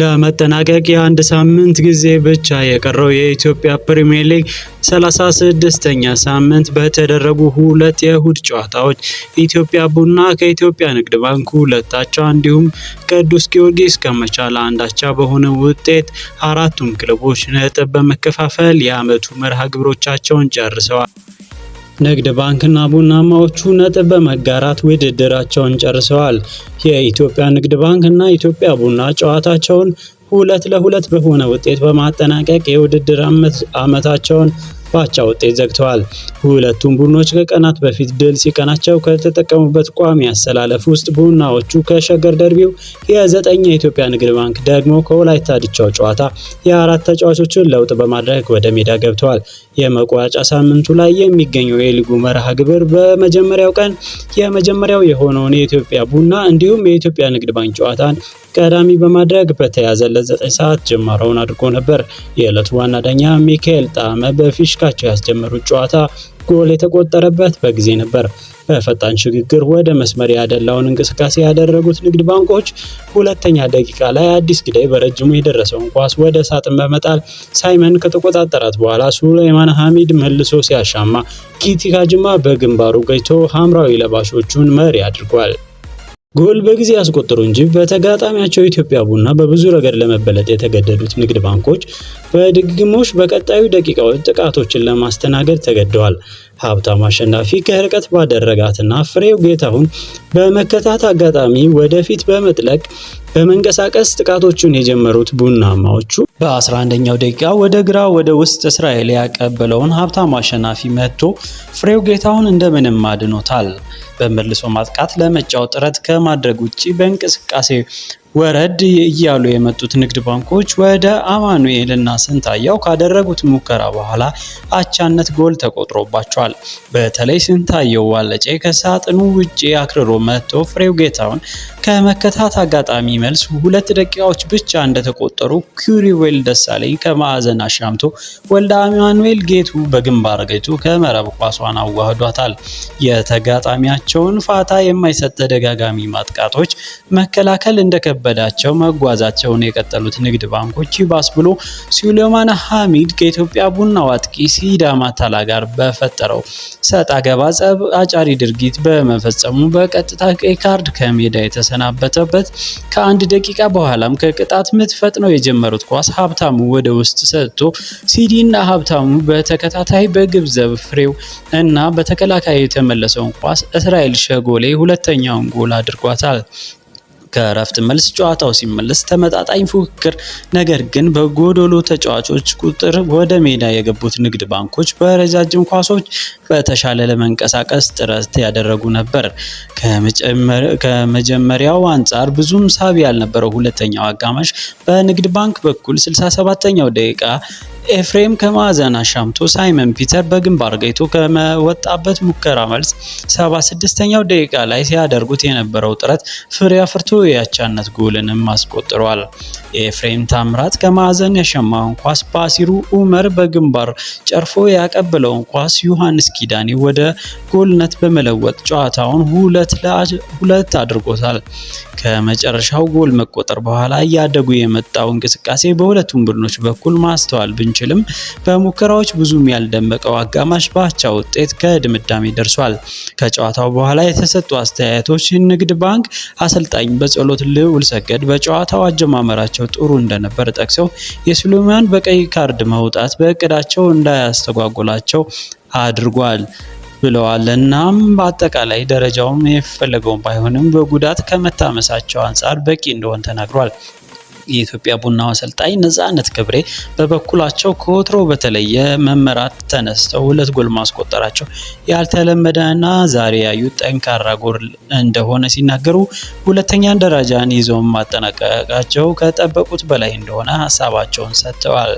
ለመጠናቀቅ የአንድ ሳምንት ጊዜ ብቻ የቀረው የኢትዮጵያ ፕሪምየር ሊግ 36ኛ ሳምንት በተደረጉ ሁለት የእሁድ ጨዋታዎች ኢትዮጵያ ቡና ከኢትዮጵያ ንግድ ባንክ ሁለት አቻ እንዲሁም ቅዱስ ጊዮርጊስ ከመቻል አንድ አቻ በሆነ ውጤት አራቱም ክለቦች ነጥብ በመከፋፈል የዓመቱ መርሃ ግብሮቻቸውን ጨርሰዋል። ንግድ ባንክና ቡናማዎቹ ነጥብ በመጋራት ውድድራቸውን ጨርሰዋል። የኢትዮጵያ ንግድ ባንክና ኢትዮጵያ ቡና ጨዋታቸውን ሁለት ለሁለት በሆነ ውጤት በማጠናቀቅ የውድድር ዓመታቸውን ባቻ ውጤት ዘግተዋል። ሁለቱም ቡድኖች ከቀናት በፊት ድል ሲቀናቸው ከተጠቀሙበት ቋሚ አሰላለፍ ውስጥ ቡናዎቹ ከሸገር ደርቢው የዘጠኝ የኢትዮጵያ ንግድ ባንክ ደግሞ ከወላይታ ድቻው ጨዋታ የአራት ተጫዋቾችን ለውጥ በማድረግ ወደ ሜዳ ገብተዋል። የመቋጫ ሳምንቱ ላይ የሚገኘው የሊጉ መርሃ ግብር በመጀመሪያው ቀን የመጀመሪያው የሆነውን የኢትዮጵያ ቡና እንዲሁም የኢትዮጵያ ንግድ ባንክ ጨዋታን ቀዳሚ በማድረግ በተያዘለት ዘጠኝ ሰዓት ጀማራውን አድርጎ ነበር። የዕለቱ ዋና ዳኛ ሚካኤል ጣመ በፊሽካቸው ያስጀመሩት ጨዋታ ጎል የተቆጠረበት በጊዜ ነበር። በፈጣን ሽግግር ወደ መስመር ያደላውን እንቅስቃሴ ያደረጉት ንግድ ባንኮች ሁለተኛ ደቂቃ ላይ አዲስ ጊዳይ በረጅሙ የደረሰውን ኳስ ወደ ሳጥን በመጣል ሳይመን ከተቆጣጠራት በኋላ ሱሌይማን ሐሚድ መልሶ ሲያሻማ ኪቲካ ጅማ በግንባሩ ገጭቶ ሐምራዊ ለባሾቹን መሪ አድርጓል። ጎል በጊዜ ያስቆጠሩ እንጂ በተጋጣሚያቸው ኢትዮጵያ ቡና በብዙ ረገድ ለመበለጥ የተገደዱት ንግድ ባንኮች በድግግሞሽ በቀጣዩ ደቂቃዎች ጥቃቶችን ለማስተናገድ ተገደዋል። ሀብታም አሸናፊ ከርቀት ባደረጋትና ፍሬው ጌታሁን በመከታት አጋጣሚ ወደፊት በመጥለቅ በመንቀሳቀስ ጥቃቶቹን የጀመሩት ቡናማዎቹ በ11ኛው ደቂቃ ወደ ግራ ወደ ውስጥ እስራኤል ያቀበለውን ሀብታም አሸናፊ መጥቶ ፍሬው ጌታሁን እንደምንም አድኖታል። በመልሶ ማጥቃት ለመጫወት ጥረት ከማድረግ ውጭ በእንቅስቃሴ ወረድ እያሉ የመጡት ንግድ ባንኮች ወደ አማኑኤል እና ስንታየው ካደረጉት ሙከራ በኋላ አቻነት ጎል ተቆጥሮባቸዋል። በተለይ ስንታየው ዋለጬ ከሳጥኑ ውጪ አክርሮ መጥቶ ፍሬው ጌታውን ከመከታት አጋጣሚ መልስ ሁለት ደቂቃዎች ብቻ እንደተቆጠሩ ኩሪዌል ደሳለኝ ከማዕዘን አሻምቶ ወልደ አማኑኤል ጌቱ በግንባር ገጭቶ ከመረብ ኳሷን አዋህዷታል። የተጋጣሚያቸውን ፋታ የማይሰጥ ተደጋጋሚ ማጥቃቶች መከላከል እንደከበ ከበዳቸው መጓዛቸውን የቀጠሉት ንግድ ባንኮች ይባስ ብሎ ሱሌማን ሐሚድ ከኢትዮጵያ ቡና አጥቂ ሲዳማ ታላ ጋር በፈጠረው ሰጥ አገባ ጸብ አጫሪ ድርጊት በመፈጸሙ በቀጥታ ቀይ ካርድ ከሜዳ የተሰናበተበት ከአንድ ደቂቃ በኋላም ከቅጣት ምት ፈጥነው የጀመሩት ኳስ ሀብታሙ ወደ ውስጥ ሰጥቶ ሲዲና ሀብታሙ በተከታታይ በግብዘብ ፍሬው እና በተከላካይ የተመለሰውን ኳስ እስራኤል ሸጎሌ ሁለተኛውን ጎል አድርጓታል። ከእረፍት መልስ ጨዋታው ሲመለስ ተመጣጣኝ ፉክክር፣ ነገር ግን በጎዶሎ ተጫዋቾች ቁጥር ወደ ሜዳ የገቡት ንግድ ባንኮች በረጃጅም ኳሶች በተሻለ ለመንቀሳቀስ ጥረት ያደረጉ ነበር። ከመጀመሪያው አንጻር ብዙም ሳቢ ያልነበረው ሁለተኛው አጋማሽ በንግድ ባንክ በኩል 67ኛው ደቂቃ ኤፍሬም ከማዕዘን አሻምቶ ሳይመን ፒተር በግንባር ገይቶ ከመወጣበት ሙከራ መልስ 76ኛው ደቂቃ ላይ ሲያደርጉት የነበረው ጥረት ፍሬ አፍርቶ የአቻነት ጎልንም አስቆጥሯል። የኤፍሬም ታምራት ከማዕዘን ያሸማውን ኳስ ባሲሩ ኡመር በግንባር ጨርፎ ያቀበለውን ኳስ ዮሐንስ ኪዳኔ ወደ ጎልነት በመለወጥ ጨዋታውን ሁለት አድርጎታል። ከመጨረሻው ጎል መቆጠር በኋላ እያደጉ የመጣው እንቅስቃሴ በሁለቱም ቡድኖች በኩል ማስተዋል ብን ብንችልም በሙከራዎች ብዙም ያልደመቀው አጋማሽ በአቻ ውጤት ከድምዳሜ ደርሷል። ከጨዋታው በኋላ የተሰጡ አስተያየቶች ንግድ ባንክ አሰልጣኝ በጸሎት ልውል ሰገድ በጨዋታው አጀማመራቸው ጥሩ እንደነበር ጠቅሰው የሱሌማን በቀይ ካርድ መውጣት በእቅዳቸው እንዳያስተጓጉላቸው አድርጓል ብለዋል። እናም በአጠቃላይ ደረጃውም የፈለገውን ባይሆንም በጉዳት ከመታመሳቸው አንጻር በቂ እንደሆን ተናግሯል። የኢትዮጵያ ቡናው አሰልጣኝ ነጻነት ገብሬ በበኩላቸው ከወትሮ በተለየ መመራት ተነስተው ሁለት ጎል ማስቆጠራቸው ያልተለመደና ዛሬ ያዩት ጠንካራ ጎል እንደሆነ ሲናገሩ ሁለተኛን ደረጃን ይዘው ማጠናቀቃቸው ከጠበቁት በላይ እንደሆነ ሀሳባቸውን ሰጥተዋል።